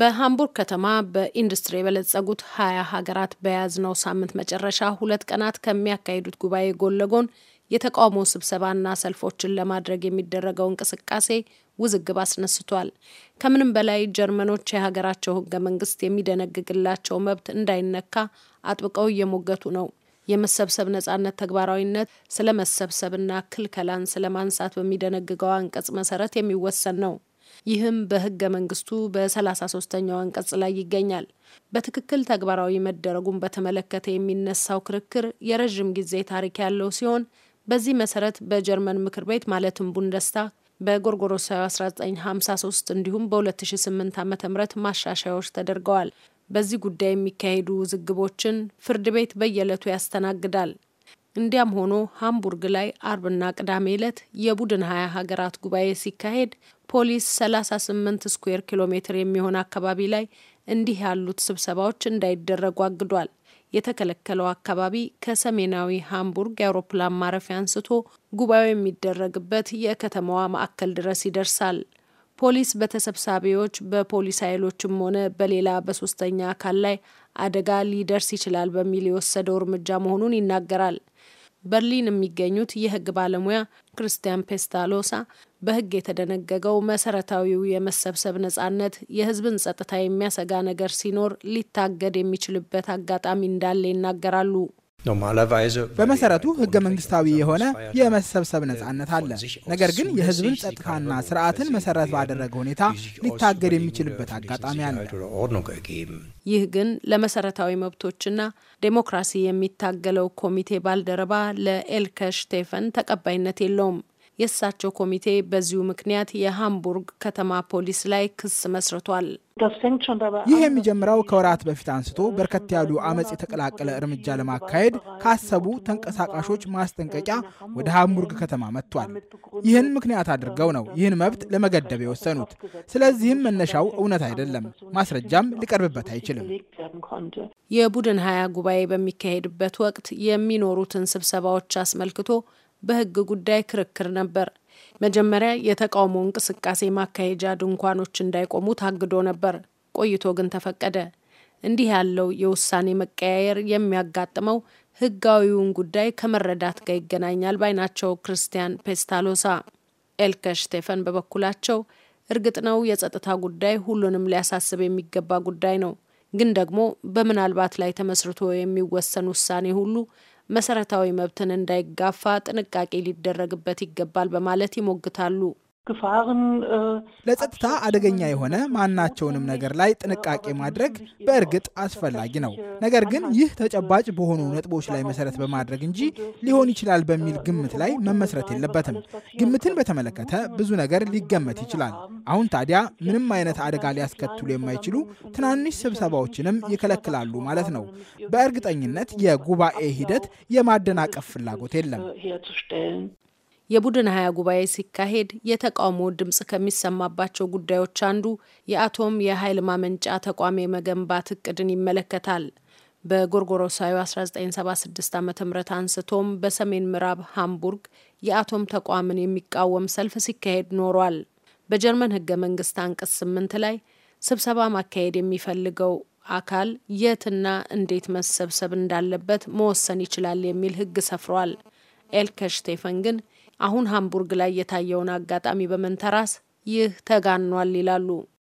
በሃምቡርግ ከተማ በኢንዱስትሪ የበለጸጉት ሀያ ሀገራት በያዝነው ሳምንት መጨረሻ ሁለት ቀናት ከሚያካሂዱት ጉባኤ ጎን ለጎን የተቃውሞ ስብሰባና ሰልፎችን ለማድረግ የሚደረገው እንቅስቃሴ ውዝግብ አስነስቷል። ከምንም በላይ ጀርመኖች የሀገራቸው ህገ መንግስት የሚደነግግላቸው መብት እንዳይነካ አጥብቀው እየሞገቱ ነው። የመሰብሰብ ነጻነት ተግባራዊነት ስለ መሰብሰብና ክልከላን ስለ ማንሳት በሚደነግገው አንቀጽ መሰረት የሚወሰን ነው። ይህም በህገ መንግስቱ በ33ኛው አንቀጽ ላይ ይገኛል። በትክክል ተግባራዊ መደረጉን በተመለከተ የሚነሳው ክርክር የረዥም ጊዜ ታሪክ ያለው ሲሆን በዚህ መሰረት በጀርመን ምክር ቤት ማለትም ቡንደስታ በጎርጎሮሳዊ 1953 እንዲሁም በ2008 ዓ ም ማሻሻያዎች ተደርገዋል። በዚህ ጉዳይ የሚካሄዱ ውዝግቦችን ፍርድ ቤት በየዕለቱ ያስተናግዳል። እንዲያም ሆኖ ሃምቡርግ ላይ አርብና ቅዳሜ ዕለት የቡድን ሀያ ሀገራት ጉባኤ ሲካሄድ ፖሊስ 38 ስኩዌር ኪሎ ሜትር የሚሆን አካባቢ ላይ እንዲህ ያሉት ስብሰባዎች እንዳይደረጉ አግዷል። የተከለከለው አካባቢ ከሰሜናዊ ሃምቡርግ የአውሮፕላን ማረፊያ አንስቶ ጉባኤው የሚደረግበት የከተማዋ ማዕከል ድረስ ይደርሳል። ፖሊስ በተሰብሳቢዎች በፖሊስ ኃይሎችም ሆነ በሌላ በሶስተኛ አካል ላይ አደጋ ሊደርስ ይችላል በሚል የወሰደው እርምጃ መሆኑን ይናገራል። በርሊን የሚገኙት የህግ ባለሙያ ክርስቲያን ፔስታሎሳ በህግ የተደነገገው መሰረታዊው የመሰብሰብ ነጻነት የህዝብን ጸጥታ የሚያሰጋ ነገር ሲኖር ሊታገድ የሚችልበት አጋጣሚ እንዳለ ይናገራሉ። በመሰረቱ ህገ መንግስታዊ የሆነ የመሰብሰብ ነጻነት አለ። ነገር ግን የህዝብን ጸጥታና ስርዓትን መሰረት ባደረገ ሁኔታ ሊታገድ የሚችልበት አጋጣሚ አለ። ይህ ግን ለመሰረታዊ መብቶችና ዴሞክራሲ የሚታገለው ኮሚቴ ባልደረባ ለኤልከ ሽቴፈን ተቀባይነት የለውም። የእሳቸው ኮሚቴ በዚሁ ምክንያት የሃምቡርግ ከተማ ፖሊስ ላይ ክስ መስርቷል። ይህ የሚጀምረው ከወራት በፊት አንስቶ በርከት ያሉ አመፅ የተቀላቀለ እርምጃ ለማካሄድ ካሰቡ ተንቀሳቃሾች ማስጠንቀቂያ ወደ ሃምቡርግ ከተማ መጥቷል። ይህን ምክንያት አድርገው ነው ይህን መብት ለመገደብ የወሰኑት። ስለዚህም መነሻው እውነት አይደለም፣ ማስረጃም ሊቀርብበት አይችልም። የቡድን ሀያ ጉባኤ በሚካሄድበት ወቅት የሚኖሩትን ስብሰባዎች አስመልክቶ በህግ ጉዳይ ክርክር ነበር። መጀመሪያ የተቃውሞ እንቅስቃሴ ማካሄጃ ድንኳኖች እንዳይቆሙ ታግዶ ነበር። ቆይቶ ግን ተፈቀደ። እንዲህ ያለው የውሳኔ መቀያየር የሚያጋጥመው ህጋዊውን ጉዳይ ከመረዳት ጋር ይገናኛል ባይ ናቸው ክርስቲያን ፔስታሎሳ። ኤልከ ሽቴፈን በበኩላቸው እርግጥ ነው የጸጥታ ጉዳይ ሁሉንም ሊያሳስብ የሚገባ ጉዳይ ነው ግን ደግሞ በምናልባት ላይ ተመስርቶ የሚወሰን ውሳኔ ሁሉ መሰረታዊ መብትን እንዳይጋፋ ጥንቃቄ ሊደረግበት ይገባል በማለት ይሞግታሉ። ለጸጥታ አደገኛ የሆነ ማናቸውንም ነገር ላይ ጥንቃቄ ማድረግ በእርግጥ አስፈላጊ ነው። ነገር ግን ይህ ተጨባጭ በሆኑ ነጥቦች ላይ መሰረት በማድረግ እንጂ ሊሆን ይችላል በሚል ግምት ላይ መመስረት የለበትም። ግምትን በተመለከተ ብዙ ነገር ሊገመት ይችላል። አሁን ታዲያ ምንም አይነት አደጋ ሊያስከትሉ የማይችሉ ትናንሽ ስብሰባዎችንም ይከለክላሉ ማለት ነው። በእርግጠኝነት የጉባኤ ሂደት የማደናቀፍ ፍላጎት የለም። የቡድን ሀያ ጉባኤ ሲካሄድ የተቃውሞ ድምፅ ከሚሰማባቸው ጉዳዮች አንዱ የአቶም የኃይል ማመንጫ ተቋም የመገንባት እቅድን ይመለከታል። በጎርጎሮሳዊ 1976 ዓ ም አንስቶም በሰሜን ምዕራብ ሃምቡርግ የአቶም ተቋምን የሚቃወም ሰልፍ ሲካሄድ ኖሯል። በጀርመን ህገ መንግስት አንቀጽ 8 ላይ ስብሰባ ማካሄድ የሚፈልገው አካል የትና እንዴት መሰብሰብ እንዳለበት መወሰን ይችላል የሚል ህግ ሰፍሯል። ኤልከ ሽቴፈን ግን አሁን ሃምቡርግ ላይ የታየውን አጋጣሚ በመንተራስ ይህ ተጋኗል ይላሉ።